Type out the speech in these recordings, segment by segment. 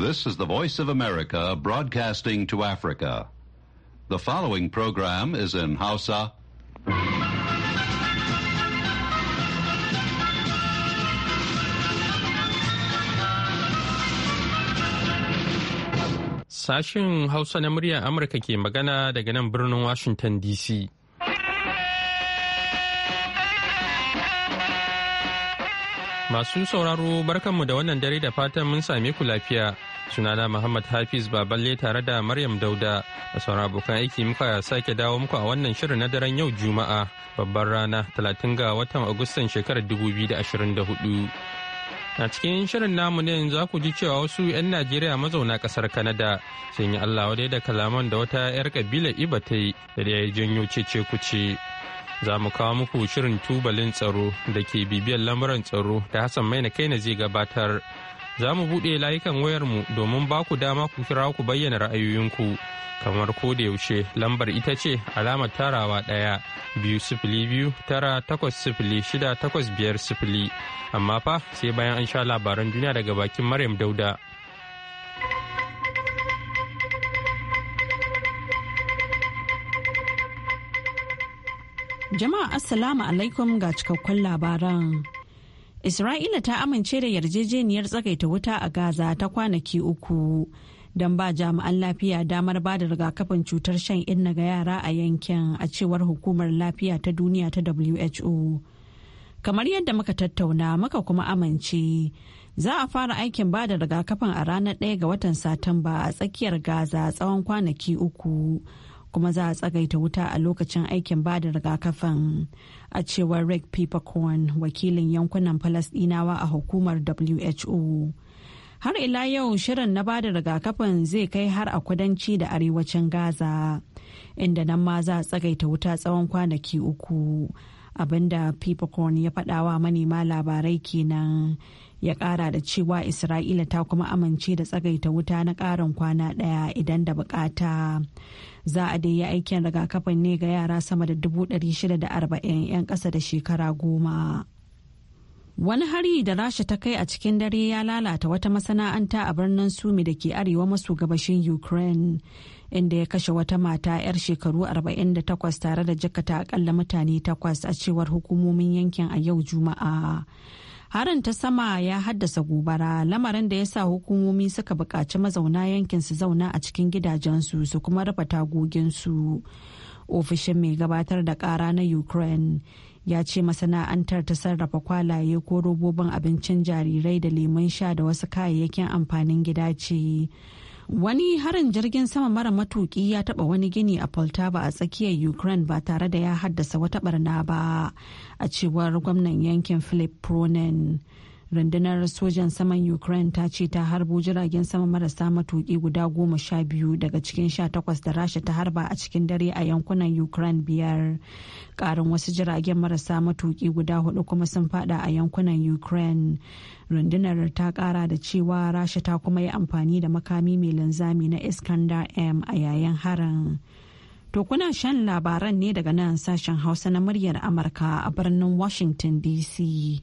This is the Voice of America broadcasting to Africa. The following program is in Hausa. Sashen Hausa na murya Amurka ke magana daga nan birnin Washington DC. Masu sauraro barkanmu da wannan dare da fatan mun same ku lafiya. sunana Muhammad Hafiz Baballe tare da Maryam Dauda da sauran abokan aiki muka sake dawo muku a wannan shirin na daren yau Juma'a babbar rana 30 ga watan Agustan shekarar 2024. A cikin shirin namu ne za ku ji cewa wasu 'yan Najeriya mazauna kasar Kanada sun yi Allah wadai da kalaman da wata 'yar kabilar Iba ta yi da ya janyo cece kuce. Za mu kawo muku shirin tubalin tsaro da ke bibiyar lamuran tsaro da Hassan Maina Kaina zai gabatar. za mu buɗe layukan wayarmu domin ba ku dama ku kira ku bayyana ra'ayoyinku kamar ko da yaushe lambar ita ce alamar tarawa ɗaya biyu sifili biyu tara takwas sifili shida takwas biyar sifili amma fa sai bayan an sha labaran duniya daga bakin maryam dauda. Jama'a Assalamu alaikum ga cikakkun labaran. Isra'ila ta amince da yarjejeniyar tsagaita wuta a Gaza ta kwanaki uku don ba jami'an lafiya damar ba da rigakafin cutar shan inna ga yara a yankin a cewar hukumar lafiya ta duniya ta WHO. Kamar yadda muka tattauna muka kuma amince za a fara aikin ba da rigakafin a ranar 1 ga watan Satumba a tsakiyar Gaza tsawon kwanaki uku. kuma za a tsagaita wuta a lokacin aikin bada rigakafin a cewar rick peppercorn wakilin yankunan falasdinawa a hukumar who har ila yau shirin na bada rigakafin zai kai har a kudanci da arewacin gaza inda nan ma za a tsagaita wuta tsawon kwanaki uku abinda peppercorn ya faɗawa manema labarai kenan ya kara da cewa isra'ila ta kuma amince da tsagaita wuta na karin kwana daya idan da bukata za a dai yi aikin rigakafin ne ga yara sama da 640 'yan ƙasa da shekara goma wani hari da rasha ta kai a cikin dare ya lalata wata masana'anta a birnin sumi da ke arewa maso gabashin ukraine inda ya kashe wata mata 'yar shekaru 48 tare da jakata akalla mutane takwas a cewar hukumomin yankin a yau juma'a harin ta sama ya haddasa gobara lamarin da ya sa hukumomi suka buƙaci mazauna yankin su zauna a cikin gidajensu su kuma rufe tagoginsu ofishin mai gabatar da ƙara na ukraine ya ce masana'antar ta sarrafa kwalaye ko robobin abincin jarirai da lemun sha da wasu kayayyakin amfanin gida ce Wani harin jirgin sama mara matuki ya taba wani gini a Poltava a tsakiyar Ukraine ba tare da ya haddasa wata barna ba a cewar gwamnan yankin Philip Pronin. rundunar sojan saman ukraine ta ce ta harbo jiragen sama marasa matuki guda goma sha biyu daga cikin sha takwas da rasha ta harba a cikin dare a yankunan ukraine biyar ƙarin wasu jiragen marasa matuƙi guda hudu kuma sun fada a yankunan ukraine rundunar ta kara da cewa rasha ta kuma yi amfani da makami mai linzami na iskandar m a yayin harin To kuna shan labaran ne daga nan sashen Hausa na muryar Amurka a birnin Washington DC.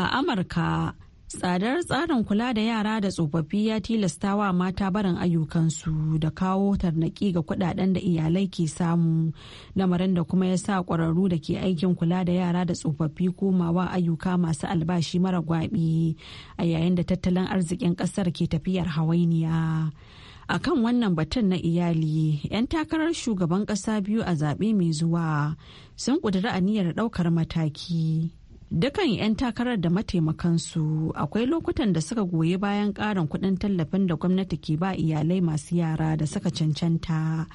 A Amurka, tsadar tsarin kula da yara da tsofaffi ya tilasta wa mata barin ayyukansu da kawo tarnaki ga kudaden da iyalai ke samu lamarin da kuma ya sa ƙwararru da ke aikin kula da yara da tsofaffi komawa ayyuka masu albashi mara gwabi a yayin da tattalin arzikin ƙasar ke tafiyar hawainiya a kan wannan batun na iyali 'yan takarar shugaban ƙasa biyu a zaɓe mai zuwa sun ƙudiri aniyar ɗaukar mataki Dukan 'yan takarar da mataimakansu akwai lokutan da suka goyi bayan ƙarin kuɗin tallafin da gwamnati ke ba iyalai masu yara da suka cancanta.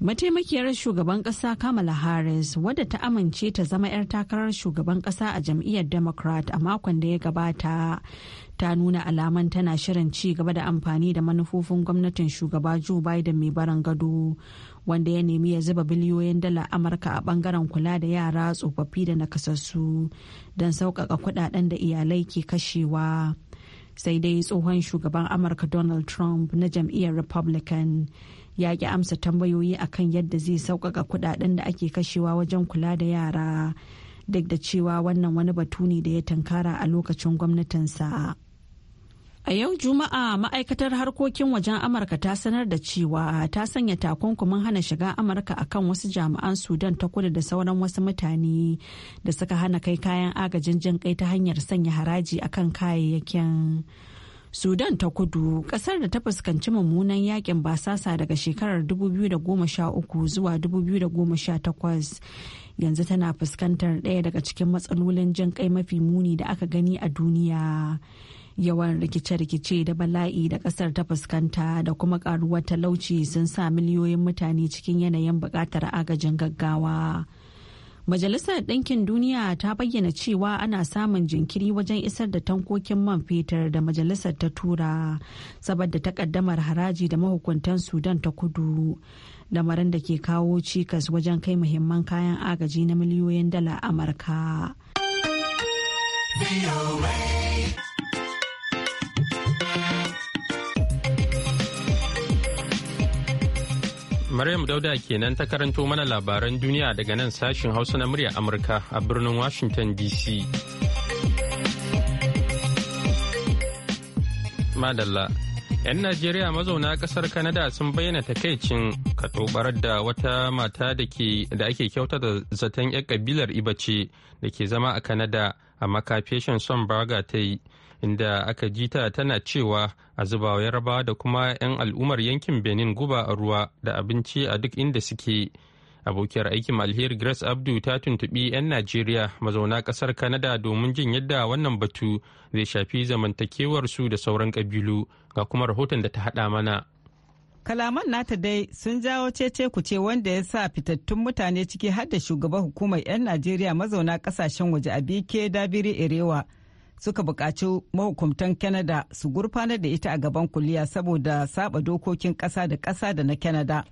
Mataimakiyar shugaban ƙasa Kamala Harris wadda ta amince ta zama 'yar takarar shugaban ƙasa a jam'iyyar Democrat a makon da ya gabata ta nuna alaman tana shirin ci gaba da amfani da manufofin gwamnatin shugaba Joe Biden mai barin gado wanda ya nemi ya zuba biliyoyin dala amurka a bangaren kula da yara tsofaffi da nakasassu don sauƙaƙa kudaden da iyalai ke kashewa sai dai tsohon shugaban amurka donald trump na jam'iyyar republican ya ƙi amsa tambayoyi akan yadda zai sauƙaƙa kudaden da ake kashewa wajen kula da yara duk da cewa wannan wani batu ne da ya tankara a lokacin gwamnatinsa. A yau Juma'a ma'aikatar harkokin wajen Amurka ta sanar da cewa ta sanya takunkumin hana shiga Amurka akan wasu jami'an Sudan ta kudu da sauran wasu mutane da suka hana kai kayan agajin jin kai ta hanyar sanya haraji akan kayayyakin. Sudan ta kudu kasar da ta fuskanci mummunan yakin basasa daga shekarar 2013 zuwa 2018 yanzu tana fuskantar ɗaya daga cikin matsalolin jin kai mafi muni da aka gani a duniya. yawan rikice-rikice da bala'i da kasar ta fuskanta da kuma karuwar talauci sun sa miliyoyin mutane cikin yanayin bukatar agajin gaggawa majalisar ɗinkin duniya ta bayyana cewa ana samun jinkiri wajen isar da tankokin man fetur da majalisar ta tura saboda takaddamar haraji da mahukuntan sudan ta kudu lamarin da ke kawo cikas wajen kai muhimman kayan agaji na miliyoyin dala amurka. Maryam Dauda kenan ta karanto mana labaran duniya daga nan sashin Hausa na murya Amurka a birnin Washington DC. Madalla. 'Yan Najeriya mazauna kasar kanada sun bayyana takaicin katobarar da wata mata da ake kyauta da zaton 'yan kabilar ibace da ke zama a kanada a makafeshin son baga ta yi inda aka ji ta tana cewa a zubawa yaraba da kuma 'yan al'ummar yankin benin guba a ruwa da abinci a duk inda suke abokiyar aikin alheri grace abdu ta tuntubi 'yan najeriya mazauna kasar canada domin jin yadda wannan batu zai shafi zamantakewarsu da sauran kabilu ga kuma rahoton da ta haɗa mana kalaman nata dai sun jawo cece kuce wanda ya sa fitattun mutane ciki har da shugaban hukumar 'yan najeriya mazauna kasashen waje a bike dabiri erewa suka buƙaci mahukumtan Canada su gurfanar da ita a gaban kuliya saboda saba dokokin ƙasa da ƙasa da na Canada.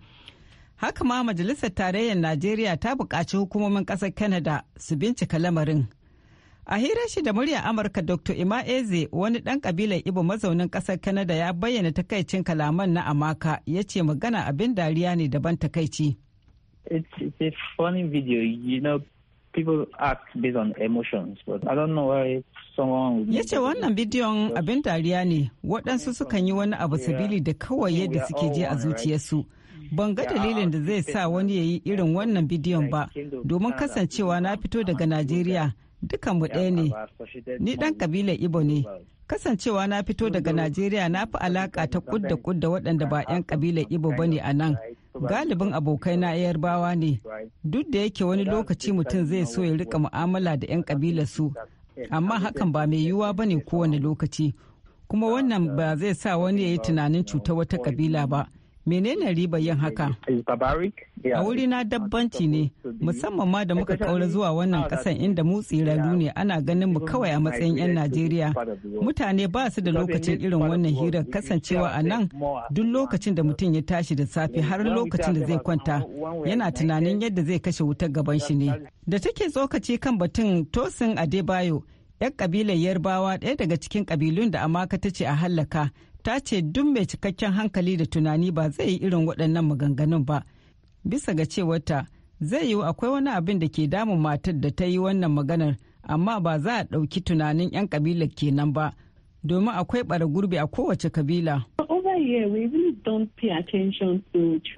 Haka ma Majalisar Tarayyar Najeriya ta buƙaci hukumomin ƙasar Canada su bincika lamarin. A hirar shi da murya Amurka Dr. Ima Eze wani ɗan ƙabilar Ibo mazaunin ƙasar Canada ya bayyana takaicin kalaman na Amaka ya ce magana abin dariya ne daban takaici. it's a people act based on emotions, but I don't know why ya ce wannan bidiyon abin dariya ne waɗansu sukan yi wani abu sabili da kawai yadda suke je a zuciyarsu ban ga dalilin da zai sa wani ya yi irin wannan bidiyon ba domin kasancewa na fito daga najeriya mu ɗaya ne ni ɗan kabilar ibo ne kasancewa na fito daga najeriya na fi alaka ta ƙudda-ƙudda waɗanda ba 'yan kabilar ibo ba ne a nan galibin abokai na yarbawa ne duk da yake wani lokaci mutum zai so ya rika mu'amala da 'yan kabilar su amma hakan ba mai yiwuwa ba ne kowane lokaci kuma wannan ba zai sa wani ya yi tunanin cuta wata kabila ba menene riba yin haka a wuri na dabbanci ne musamman ma da muka kaura zuwa wannan kasan inda mu lalu ne ana ganin mu kawai a matsayin 'yan najeriya mutane ba su da lokacin irin wannan hirar kasancewa a nan duk lokacin da mutum ya tashi da safe har lokacin da zai kwanta yana tunanin yadda zai kashe wutar gaban shi ne da take tsokaci kan batun tosin adebayo 'yan kabilar yarbawa ɗaya daga cikin kabilun da amaka ta ce a hallaka ta ce duk mai cikakken hankali da tunani ba zai yi irin waɗannan maganganun ba bisa ga cewarta zai yiwu akwai wani abin da ke damun matar da ta yi wannan maganar amma ba za a ɗauki tunanin 'yan kabilar kenan ba domin akwai ɓara gurbi a kowace kabila.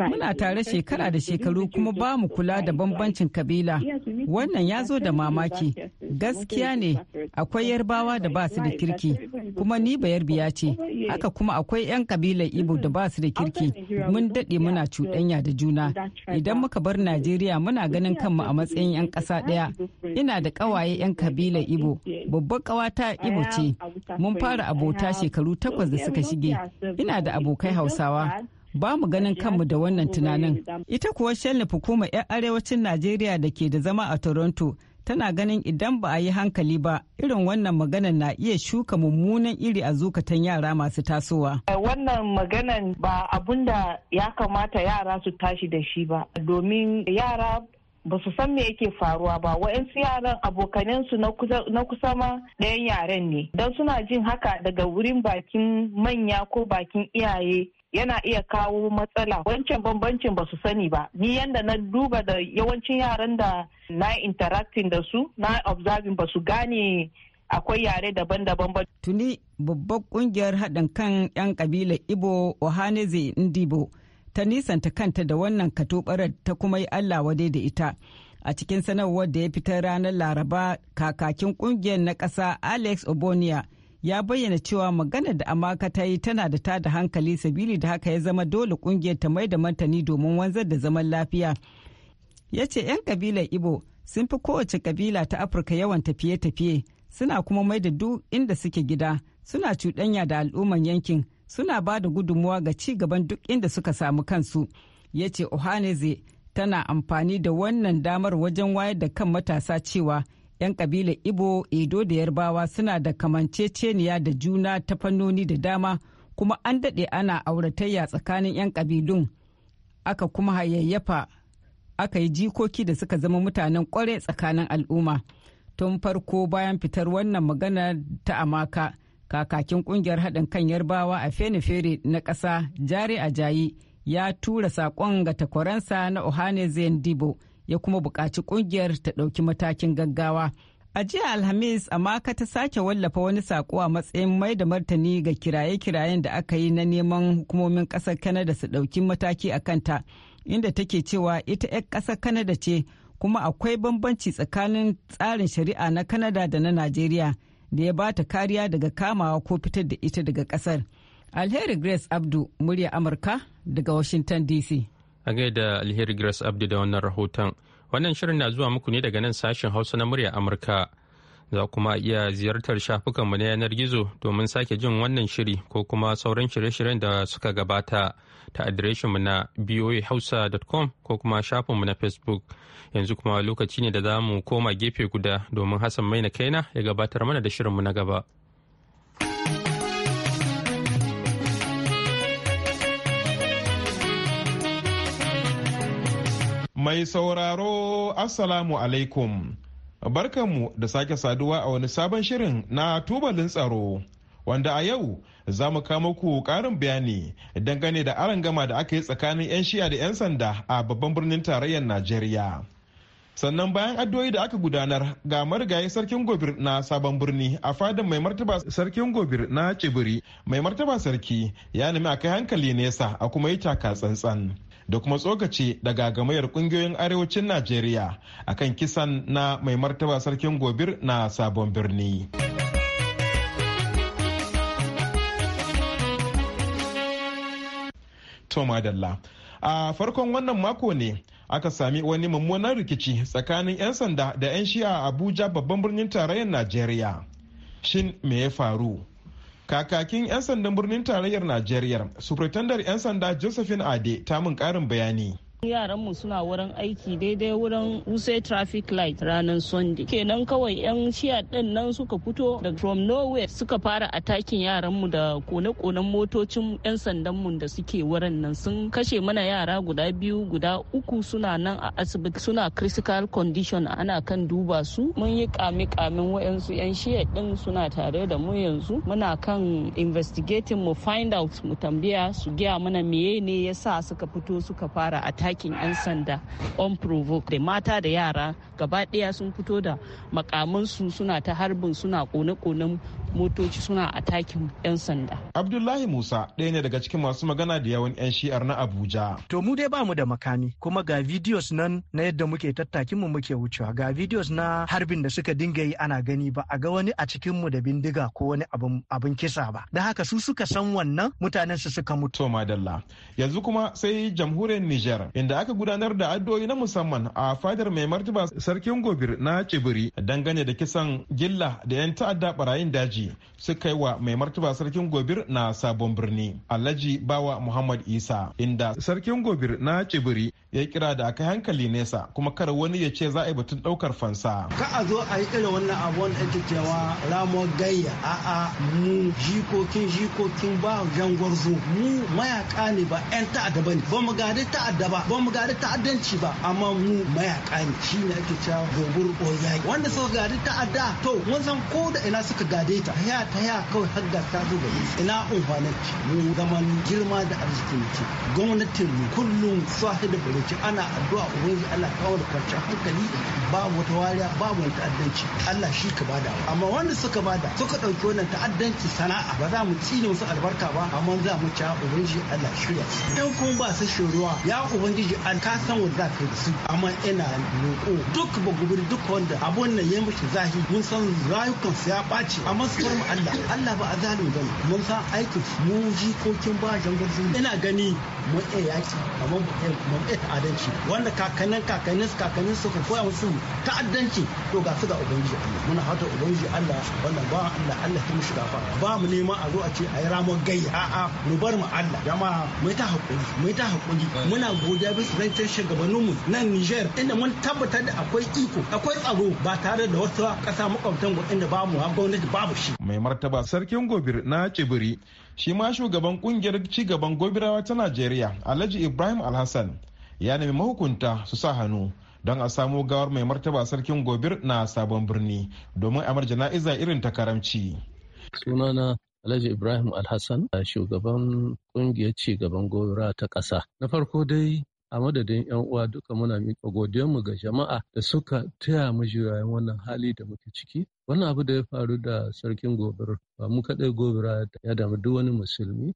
Muna tare shekara da shekaru kuma ba mu kula da bambancin kabila. Wannan ya zo da mamaki. Gaskiya ne akwai yarbawa da ba su da kirki kuma ni ya ce. Haka kuma akwai 'yan kabilar Ibo da ba su da kirki. Mun daɗe muna cuɗanya da juna. Idan muka bar Najeriya muna ganin kanmu a matsayin 'yan ƙasa ɗaya. Ina da ƙawaye 'yan kabilar Ibo. Babbar ƙawata Ibo ce. Mun fara abota shekaru takwas da suka shige. Ina da abokai hausawa ba mu ganin kanmu da wannan tunanin ita kuwa shellif hukumar 'yan arewacin najeriya da ke da zama a toronto tana ganin idan ba a yi hankali ba irin wannan magana na iya shuka mummunan iri a zukatan yara masu tasowa. Wannan maganan ba abun da ya kamata yara su tashi da shi ba domin yara ba su san me yake faruwa ba wa'yansu yaran abokanansu na kusa ma ɗayan yaren ne don suna jin haka daga wurin bakin manya ko bakin iyaye yana iya kawo matsala wancan bambancin ba su sani ba ni yanda na duba da yawancin yaran da na interacting da su na observing ba su gane akwai yare daban-daban ba. Tuni babbar kungiyar haɗin kan 'yan kabilar Ibo Ohaneze Ndibo ta nisanta kanta da wannan katobarar ta kuma yi Allah wadai da ita. A cikin sanarwar da ya fitar ranar Laraba kakakin kungiyar na ƙasa Alex Obonia ya bayyana cewa magana da amaka ta yi tana da tada hankali sabili da haka ya zama dole kungiyar ta mai da martani domin wanzar da zaman lafiya. Ya ce 'yan kabilar Ibo sun fi kowace kabila ta Afirka yawan tafiye-tafiye suna kuma mai da duk inda suke gida suna cuɗanya da al'umman yankin suna ba da gudunmuwa ga ci gaban duk inda suka samu kansu ya ce ohaneze tana amfani da wannan damar wajen wayar da kan matasa cewa 'yan kabilar ibo edo da yarbawa suna da kamanceceniya da juna ta fannoni da dama kuma an daɗe ana auratayya tsakanin 'yan kabilun aka kuma hayayyafa aka yi jikoki da suka zama mutanen kware tsakanin al'umma tun farko bayan fitar wannan magana ta amaka kakakin kungiyar haɗin kan yarbawa a fene-fere na ƙasa jari a ajayi ya tura saƙon ga takwaransa na ohane dibo ya kuma buƙaci kungiyar ta ɗauki matakin gaggawa a jiya alhamis amaka ta sake wallafa wani saƙo a matsayin mai da martani ga kiraye-kirayen da aka yi na neman hukumomin ƙasar kanada su ɗauki mataki a kanta inda take cewa ita 'yan ƙasar kanada ce kuma akwai bambanci tsakanin tsarin shari'a na kanada da na najeriya da ya bata kariya daga kamawa ko fitar da ita daga kasar. Alheri Grace Abdu murya Amurka daga Washington DC. A gaida Alheri Grace Abdu da wannan rahoton. Wannan shirin na zuwa muku ne daga nan sashen Hausa na murya Amurka. Za kuma iya ziyartar shafukanmu na yanar gizo domin sake jin wannan shiri ko kuma sauran shirye-shiryen da suka gabata. ta adireshinmu na boahausa.com ko kuma shafinmu na facebook yanzu kuma lokaci ne da za mu koma gefe guda domin hassan mai na kaina ya gabatar mana da shirinmu na gaba. Mai sauraro Assalamu alaikum. Barkanmu da sake saduwa a wani sabon shirin na tubalin tsaro wanda a yau za mu kama ku karin bayani dangane da gama da aka yi tsakanin 'yan shiya da 'yan sanda a babban birnin tarayyar najeriya sannan bayan addu'o'i da aka gudanar ga marigayi sarkin gobir na sabon birni a fadin mai martaba sarkin gobir na tsibiri mai martaba sarki ya nemi a kai hankali nesa a kuma yi taka tsantsan da kuma tsokaci daga gamayar kungiyoyin arewacin najeriya akan kisan na mai martaba sarkin gobir na sabon birni. to Dalla. a farkon wannan mako ne aka sami wani mummunan rikici tsakanin 'yan sanda da 'yan shi'a a abuja babban birnin tarayyar najeriya shin me ya faru kakakin 'yan sandan birnin tarayyar najeriya sufritandar 'yan sanda josephine ade ta mun karin bayani yaranmu suna wurin aiki daidai wurin wuse traffic light ranar sunday kenan kawai yan shiya din nan suka fito da from nowhere suka fara atakin yaranmu da kone-konen motocin yan sandanmu da suke wurin nan sun kashe mana yara guda biyu guda uku suna nan a asibiti suna critical condition ana kan duba su mun yi kame-kamen wayansu yan shiya din suna tare da mu yanzu muna kan investigating mu find out mu tambaya su gaya mana meye ne yasa suka fito suka fara attack. aikin 'yan sanda on da mata da yara gaba ɗaya sun fito da makamansu suna ta harbin suna kone-konen motoci suna a takin 'yan sanda. Abdullahi Musa ɗaya ne daga cikin masu magana da yawan 'yan shi'ar na Abuja. To mu dai bamu da makami kuma ga videos nan na yadda muke tattakin mu muke wucewa ga videos na harbin da suka dinga yi ana gani ba a ga wani a cikin mu da bindiga ko wani abin kisa ba. Da haka su suka san wannan mutanen su suka mutu. To madalla yanzu kuma sai jamhuriyar Niger inda aka gudanar da addu'o'i na musamman a fadar mai martaba sarkin gobir na tsibiri dangane da kisan gilla da 'yan ta'adda barayin daji suka yi wa mai martaba sarkin gobir na sabon birni alhaji bawa muhammad isa inda sarkin gobir na tsibiri ya kira da aka hankali nesa kuma kar wani ya ce za a yi batun daukar fansa ka a zo a yi irin wannan abu wanda ake cewa ramo gayya a'a mu jikokin jikokin ba jangwar zo mu mayaka ne ba yan ta'adda ne ba mu gadi ta'adda ba ba mu gadi ta'addanci ba amma mu mayaka ne shi ne ake cewa gobur oyai wanda suka gadi ta'adda to mun san ko da ina suka gade ta haya ta haya kawai hadda ta zo gare ina umfanin mu zaman girma da arziki gwamnatin mu kullum sahi da bari abinci ana addu'a ubangiji Allah kawo da kwanciyar hankali babu wata wariya babu wani ta'addanci Allah shi ka bada amma wanda suka bada suka ɗauki wannan ta'addanci sana'a ba za mu tsine musu albarka ba amma za mu ci ubangiji Allah shirya dan kuma ba su shiruwa ya ubangiji an ka san wanda ka yi su amma ina roƙo duk ba gubiri duk wanda abun nan ya mushi zahi mun san rayukan su ya ɓaci amma su mu Allah Allah ba a zalim bane mun san aikin mu jikokin ba jangar ina gani mun iya yaki amma mun iya adalci wanda kakannin kakannin su kakannin su koya musu ta'addanci to ga su ga ubangiji Allah muna fata ubangiji Allah wanda ba Allah Allah ta mishi gafa ba mu nema a zo a ce a yi ramon gai a'a mu bar mu Allah jama'a mu ta hakuri mu ta hakuri muna godiya bisa zancen shugabannin mu nan Niger inda mun tabbatar da akwai iko akwai tsaro ba tare da wata ƙasa makwabtan inda ba mu gwamnati babu shi mai martaba sarkin gobir na cibiri shi ma shugaban kungiyar cigaban gobirawa ta najeriya alhaji ibrahim alhassan ya nemi mahukunta su sa hannu don a samo gawar mai martaba sarkin gobir na sabon birni domin amar jana'iza irin ta karamci. sunana alhaji ibrahim alhassan shugaban kungiyar ci gaban gobira ta ƙasa na farko dai a madadin yan uwa duka muna miƙa godiyarmu ga jama'a da suka taya mu jirayen wannan hali da muke ciki wannan abu da ya faru da sarkin gobir ba mu kaɗai gobira ya damu duk wani musulmi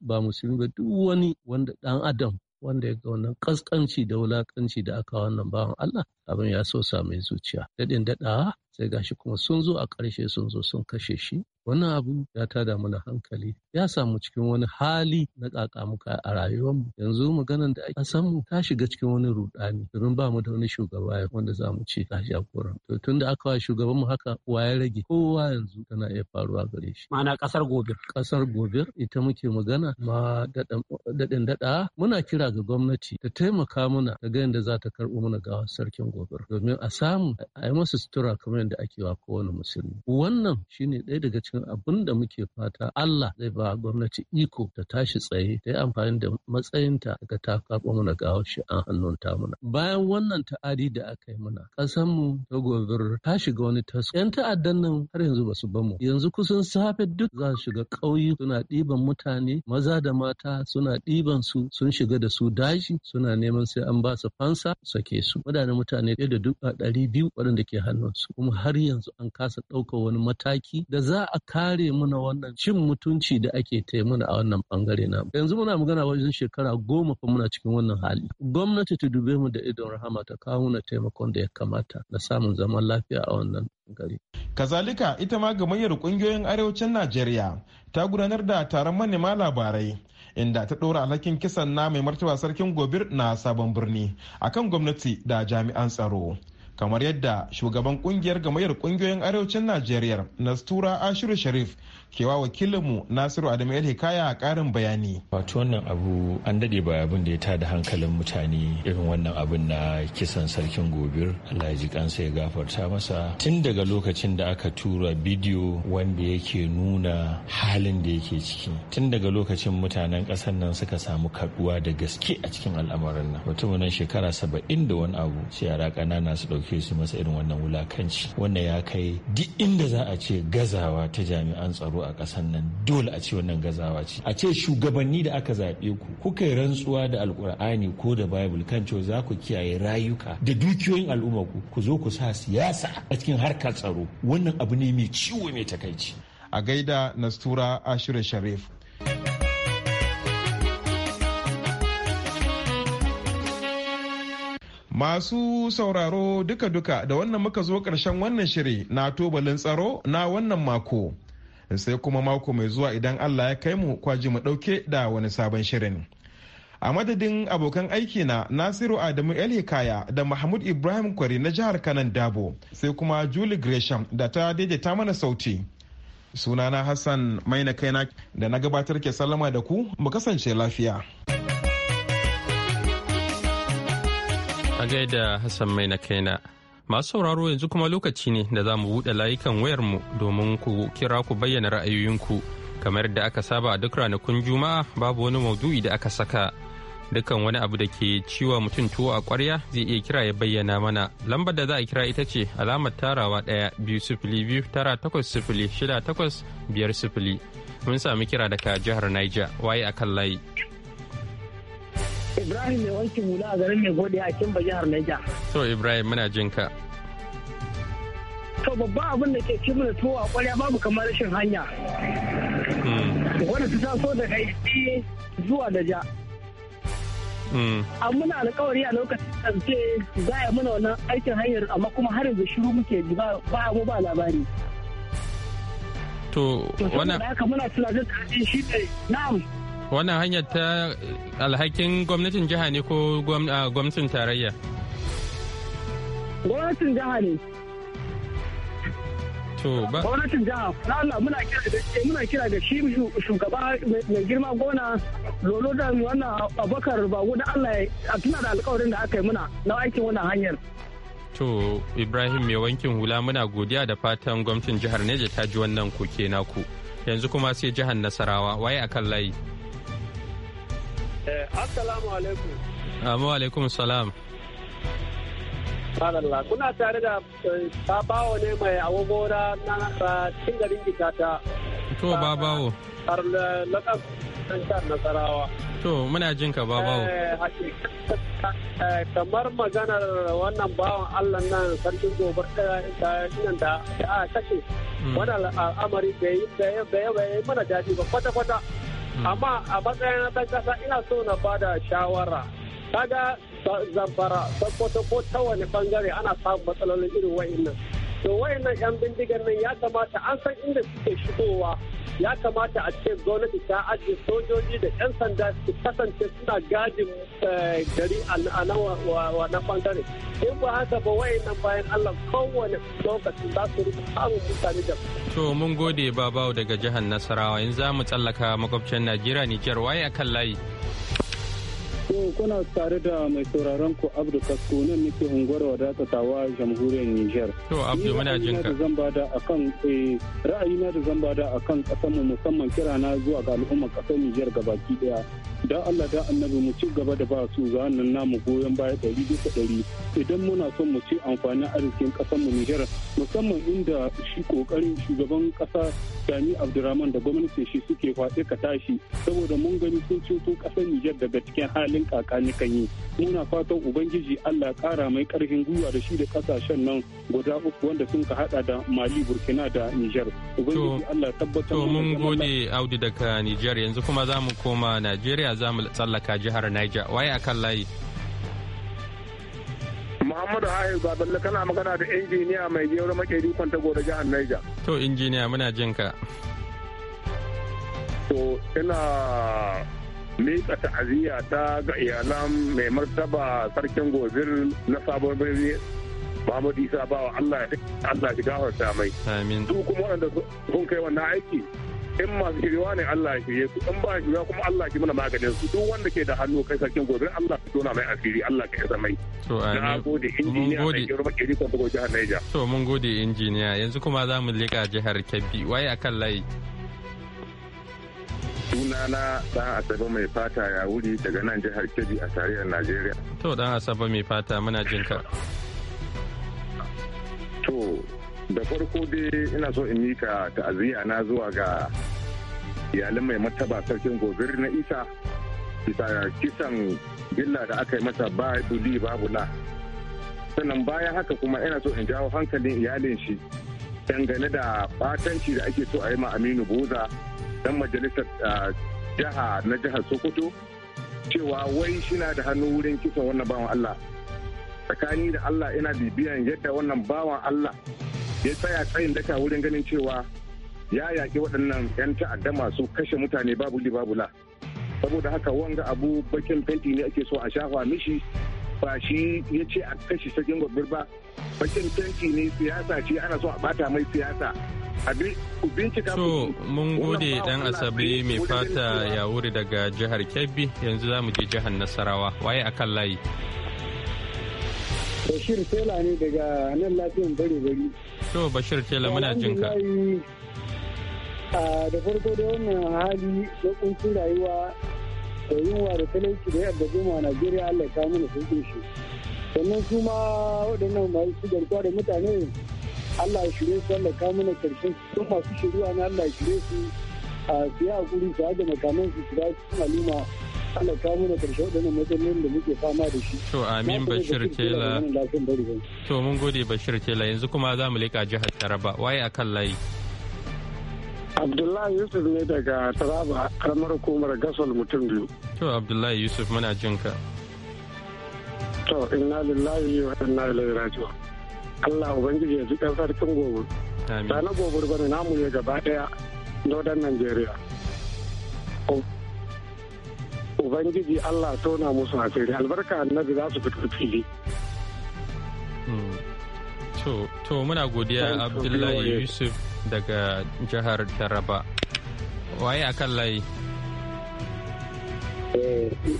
ba musulmi ba duk wani wanda ɗan adam wanda ya ga wannan kaskanci da wulakanci da aka wannan bawan Allah abin ya so sa mai zuciya daɗin daɗawa sai gashi kuma sun zo a ƙarshe sun zo sun kashe shi wannan abu ya tada mana hankali ya samu cikin wani hali na ƙaƙamuka a rayuwar mu. yanzu maganan da san mu ta shiga cikin wani rudani domin ba mu da wani shugaba wanda za mu ce ta jagora to tun da aka wa shugaban mu haka wa ya rage kowa yanzu tana iya faruwa gare shi ma'ana ƙasar gobir ƙasar gobir ita muke magana ma daɗin daɗa muna kira ga gwamnati ta taimaka mana ta ga yadda za ta karɓo mana gawa sarkin gobe. domin a samu a yi masa sutura kamar nan da ake wa kowane musulmi wannan shine ɗaya daga cikin abin da muke fata Allah zai ba gwamnati iko ta tashi tsaye ta yi amfani da matsayinta ga ta kaɓo mana ga shi an hannun ta muna bayan wannan ta'adi da aka yi muna ƙasanmu ta gobir ta shiga wani tasu. yan ta'addan nan har yanzu ba su bamu yanzu kusan safe duk za su shiga ƙauyi suna ɗiban mutane maza da mata suna ɗiban su sun shiga da su daji suna neman sai an ba su fansa sake su Mutane mutane fiye da duk a ɗari biyu waɗanda ke hannunsu kuma har yanzu an kasa ɗaukar wani mataki da za a kare muna wannan cin mutunci da ake ta muna a wannan bangare na yanzu muna magana wajen shekara goma fa muna cikin wannan hali gwamnati ta dube mu da idon rahama ta kawo muna taimakon da ya kamata na samun zaman lafiya a wannan gari kazalika ita ma gamayyar kungiyoyin arewacin najeriya ta gudanar da taron manema labarai inda ta ɗora alhakin kisan na mai martaba sarkin gobir na sabon birni akan gwamnati da jami'an tsaro kamar yadda shugaban kungiyar gamayyar kungiyoyin arewacin najeriya nastura ashiru sharif kewa wakilinmu nasiru adamu ya kaya a karin bayani wato wannan abu an dade ba abin da ya tada hankalin mutane irin wannan abin na kisan sarkin gobir allah ya ji kansa ya gafarta masa tun daga lokacin da aka tura bidiyo wanda yake nuna halin da yake ciki tun daga lokacin mutanen kasar nan suka samu kaduwa da gaske a cikin al'amarin nan mutumin shekara saba'in da wani abu sai yara ƙanana su ɗauki ɗauke su masa irin wannan wulakanci wannan ya kai duk inda za a ce gazawa ta jami'an tsaro a ƙasar nan dole a ce wannan gazawa ce a ce shugabanni da aka zaɓe ku kuka yi rantsuwa da alkur'ani ko da bible kan cewa za ku kiyaye rayuka da dukiyoyin al'umma ku ku zo ku sa siyasa a cikin harkar tsaro wannan abu ne mai ciwo mai takaici a gaida nastura ashirin sharif Masu sauraro duka-duka da wannan muka zo karshen wannan shiri na tobalin tsaro na wannan mako. Sai kuma mako mai zuwa idan Allah ya kai mu kwaji mu ɗauke da wani sabon shirin. A madadin abokan aiki na Nasiru Adamu elhikaya da Mahmud Ibrahim Kwari na jihar Kanan Dabo sai kuma Julie Gresham da ta daidaita mana sauti. Sunana Hassan Maina Kaina da na gabatar ke salama da ku mu kasance lafiya. A gaida Hassan mai na kaina. Masu sauraro yanzu kuma lokaci ne da za mu buɗe layukan wayarmu domin ku kira ku bayyana ra'ayoyinku. Kamar da aka saba a duk ranakun Juma'a babu wani maudu'i da aka saka. dukkan wani abu da ke ciwa mutum tuwo a kwarya zai iya kira ya bayyana mana. Lambar da za a kira ita ce alamar tarawa ɗaya biyu sifili biyu tara takwas sifili shida takwas biyar sifili. Mun sami kira daga jihar Niger waye akan layi. Ibrahim mai wankin hula a garin mai gode a Kimba jihar Niger. To Ibrahim muna jin ka. To babban abin da ke cimma da a kwarya babu kamar rashin hanya. Hmm. Wanda ta so daga iti zuwa da ja. Hmm. An muna alkawari a lokacin da ce za a muna wannan aikin hanyar amma kuma har yanzu shiru muke ji ba mu ba labari. To wannan. Muna tunanin shi ne na'am. wannan hanyar ta alhakin gwamnatin jiha ne ko gwamnatin tarayya gwamnatin jiha ne to ba gwamnatin jiha na Allah muna kira da muna kira da shi shugaba mai girma gona lolo da wannan abakar ba da Allah a tuna da alƙawarin da aka yi muna na aikin wannan hanyar to Ibrahim mai wankin hula muna godiya da fatan gwamnatin jihar Neja ta ji wannan koke naku yanzu kuma sai jihar Nasarawa waye akan layi Eh, assalamu alaikum. Amu ah, alaikum salam. Madalla kuna tare da eh, babawo ne mai agogo na ah, cin garin gitata. To babawo. nasarawa. To muna jin ka babawo. Eh, kamar maganar wannan bawan Allah nan sarkin gobar nan da a ah, kashe. Hmm. Wannan al'amari bai yi mana daɗi ba kwata-kwata. Mm. amma a matsayin ɗan ƙasa ina so na bada shawara kaga zamfara sokoto ko ta wani bangare ana samun matsalolin irin nan to wayannan yan bindigan nan ya kamata an san inda suke shigowa ya kamata a ce gwamnati ta ajiye sojoji da yan sanda su kasance suna gadin eh, gari a nan wannan bangare in ba haka ba wayannan bayan allah kowane lokacin za su rika samun mutane da to mun gode babawo daga jihar nasarawa in za mu tsallaka makwabcin najeriya nijar waye akan layi To kuna tare da mai sauraron ku Abdu Kasko nan nake unguwar wadatatawa jamhuriyar Nijar. To Abdu muna jin ka. Zan bada akan na da zan bada akan eh, kasar mu musamman na zuwa ga al'ummar kasar Nijar gabaki daya. Dan Allah da Annabi mu ci gaba da ba su ga nan namu goyon baya ɗari bisa ɗari idan muna son mu ci amfanin arzikin kasar Nijar musamman inda shi kokarin shugaban kasa Sani Abdurrahman da gwamnati shi suke kwaɗe ka tashi saboda mun gani sun ceto kasar Nijar daga cikin hali halin kakani kan yi muna fatan ubangiji allah kara mai karfin gwiwa da shi da kasashen nan guda uku wanda sun ka hada da mali burkina da niger ubangiji allah tabbatar to mun gode audu daga niger yanzu kuma za mu koma najeriya za mu tsallaka jihar niger waye akan layi Muhammadu Haihu kana magana da injiniya mai gero makeri kwanta gore jihar Niger. To injiniya muna jinka To ina miƙa ta'aziyya ta ga iyalan mai martaba sarkin gobir na sabon birni Muhammad Isa bawa Allah ya Allah ya ta mai. Amin. Su kuma waɗanda sun kai wannan aiki in masu shiriwa ne Allah ya shirye su in ba shiriwa kuma Allah ya mana maganin su duk wanda ke da hannu kai sarkin gobe Allah ya tona mai asiri Allah ka isa mai. To amin. gode injiniya mai girma kiri ko bugo jihar Niger. To mun gode injiniya yanzu kuma za mu leƙa jihar Kebbi waye akan layi. sunana dan asabe mai fata ya wuri daga nan jihar kebbi a tarayyar najeriya to dan asaba mai fata muna jin ka to da farko dai ina so in mika ta'aziyya na zuwa ga iyalin mai mataba sarkin gobir na isa bisa kisan billa da aka yi masa ba duli babu na sannan bayan haka kuma ina so in jawo hankalin iyalin shi dangane da batanci da ake so a yi ma aminu buza dan majalisar jiha na jihar sokoto cewa wai shina da hannu wurin kisa wannan bawan allah tsakani da allah ina bibiyan yadda wannan bawan allah ya tsaya tsayin daka wurin ganin cewa ya yaki waɗannan 'yan ta'adda masu kashe mutane babu li babu la saboda haka wanga abu bakin fenti ne ake so a shafa mishi ba shi ya ce a kashe sakin gwabir ba bakin tanki ne siyasa ce ana so a bata mai siyasa To mun gode dan asabe mai fata ya wuri daga jihar Kebbi yanzu za mu je jihar Nasarawa waye kan layi. Bashir Tela ne daga nan lafiyan bare bari. So, Bashir Tela muna jin ka. Da farko da wannan hali na kuncin rayuwa da yunwa da talauci da yadda goma a najeriya allah ta kawo mana sauƙin shi sannan su ma waɗannan masu garkuwa da mutane allah ya shirye su allah ya mana karshen su masu shirya na allah ya shirye su a siya yi hakuri su haɗa makaman su su dace su al'umma allah ya mana karshen waɗannan matsalolin da muke fama da shi. to amin bashir Kela. to mun gode bashir Kela yanzu kuma za mu leƙa jihar taraba waye akan layi. Abdullahi Yusuf ne daga Taraba, karamar hukumar gasol mutum biyu. To Abdullahi Yusuf muna jin ka. To inna lillahi wa inna ilaihi raji'un. Allah ubangiji ya ji kan sarkin gobe. Amin. Ba na gobe bane namu ne gaba daya Northern Nigeria. Ubangiji Allah tona musu asiri albarka annabi za su fito fili. Hmm. To, to muna godiya Abdullahi Yusuf. daga jihar Taraba. Waye a kan layi?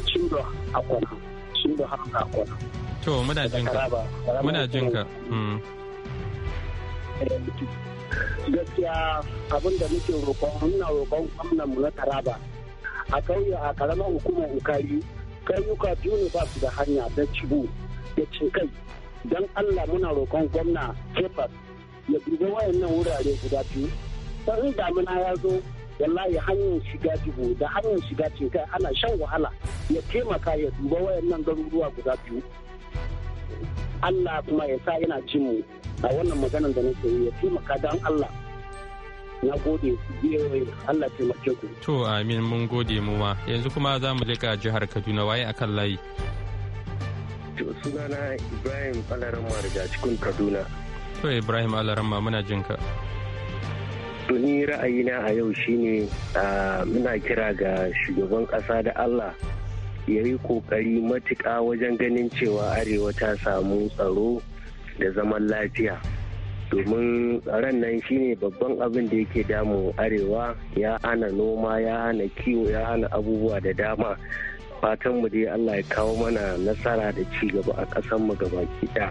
Cindo eh, Akwana. Cindo a Akwana. To, muna jinka. Muna jinka. Hmm. Gaskiya abin da muke roƙon, muna roƙon gwamnan mu na Taraba. A kauye a karamar hukumar Ukari, kayuka biyu ne ba su da hanya da cibu da kai Don Allah muna roƙon gwamna Kefas ya wayan wayannan wurare guda biyu sai damina ya zo wallahi hanyar shiga jibo da hanyar shiga cinkai ana shan wahala ya taimaka ya duba wayannan garuruwa guda biyu Allah kuma ya sa yana jin mu a wannan maganar da nake ya taimaka don Allah na gode Allah taimake ku to amin mun gode mu ma yanzu kuma za mu leka jihar Kaduna waye akan layi sunana Ibrahim Balarama daga cikin Kaduna to ibrahim alaramma muna jin ka ni ra'ayina a yau shine muna kira ga shugaban ƙasa da allah ya yi ƙoƙari matuƙa wajen ganin cewa arewa ta samu tsaro da zaman lafiya domin tsaron nan shine babban abin da yake damu arewa ya hana noma ya hana kiwo ya hana abubuwa da dama fatan mu dai allah ya kawo mana nasara da ci gaba a ƙasar mu gaba da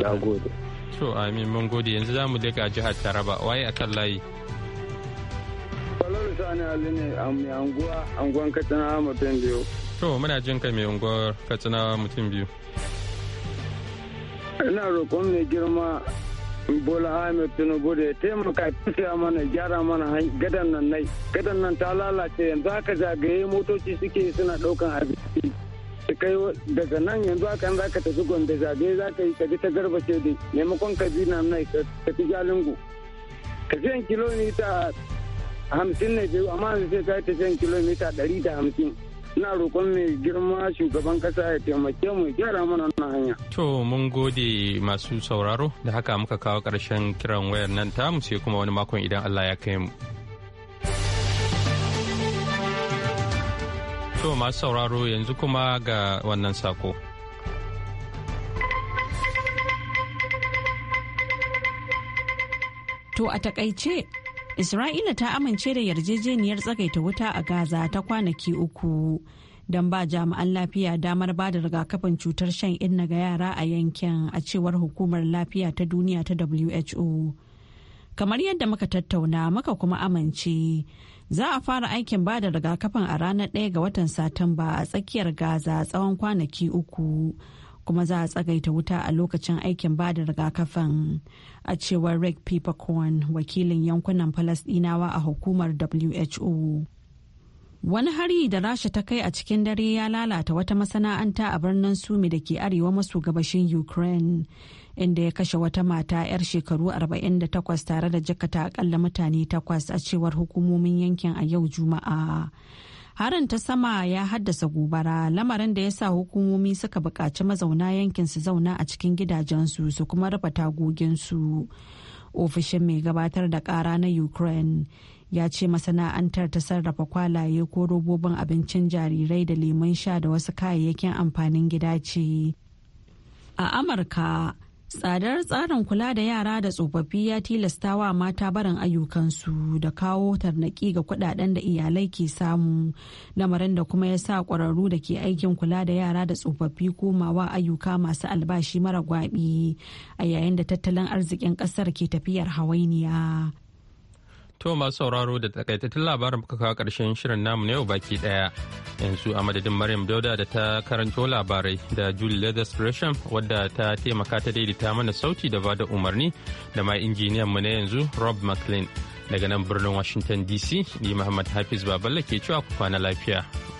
na gode To amin mun gode yanzu za mu leƙa jihar Taraba waye a kan layi. Falalu Sani Ali ne a mai anguwa anguwan Katsina mutum biyu. To muna jin ka mai unguwar Katsina mutum biyu. Ina roƙon mai girma Bola Ahmed Tinubu da ya taimaka tafiya mana gyara mana gadan nan nai. Gadan nan ta lalace yanzu haka zagaye motoci suke suna ɗaukan abinci. kai daga nan yanzu haka za ka tafi gombe zabe za ka yi ka ta garba ce dai maimakon ka ji nan nai ka tafi jalingu kilomita hamsin ne biyu amma yanzu sai ka yi tafiyan kilomita ɗari da hamsin ina roƙon mai girma shugaban kasa ya taimake mu gyara mana wannan hanya. To mun gode masu sauraro da haka muka kawo ƙarshen kiran wayar nan tamu sai kuma wani makon idan Allah ya kai mu. To masu sauraro yanzu kuma ga wannan sako. To a takaice, Isra'ila ta amince da yarjejeniyar tsagaita wuta a Gaza ta kwanaki uku. Don ba jami'an lafiya damar ba da rigakafin cutar shan inna ga yara a yankin a cewar hukumar lafiya ta duniya ta WHO. Kamar yadda muka tattauna muka kuma amince. Za a fara aikin ba da rigakafin a ranar 1 ga watan Satumba a tsakiyar Gaza tsawon kwanaki uku. kuma za a tsagaita wuta a lokacin aikin ba da rigakafin a cewar rick peppercorn wakilin yankunan falasdinawa a hukumar who wani hari da rasha ta kai a cikin dare ya lalata wata masana'anta a birnin sumi da ke arewa maso gabashin ukraine inda ya kashe wata mata 'yar shekaru 48 tare da jakata akalla mutane takwas a cewar hukumomin yankin a yau juma'a harin ta sama ya haddasa gobara lamarin da ya sa hukumomi suka buƙaci mazauna yankin su zauna a cikin gidajensu su kuma rufe tagoginsu ofishin mai gabatar da ƙara na ukraine ya ce masana'antar ta sarrafa kwalaye ko robobin abincin jarirai da lemun sha da wasu kayayyakin amfanin gida ce. A Amurka, Tsadar tsarin kula da yara da tsofaffi ya tilasta wa mata barin ayyukansu da kawo tarnaki ga kudaden da iyalai ke samu, lamarin da kuma ya sa ƙwararru da ke aikin kula da yara da tsofaffi komawa ayyuka masu albashi mara gwabi a yayin da tattalin arzikin ƙasar ke tafiyar hawainiya. To masu sauraro da takaitattun labarin muka kawo karshen shirin namu na yau baki ɗaya Yanzu a madadin Maryam Dauda da ta karanto labarai da Julie Leathers Gresham wadda ta taimaka ta daidaita mana sauti da bada umarni da ma injiniyan mu na yanzu Rob McLean. Daga nan birnin Washington DC, ni Muhammad Hafiz Baballa ke cewa ku kwana lafiya.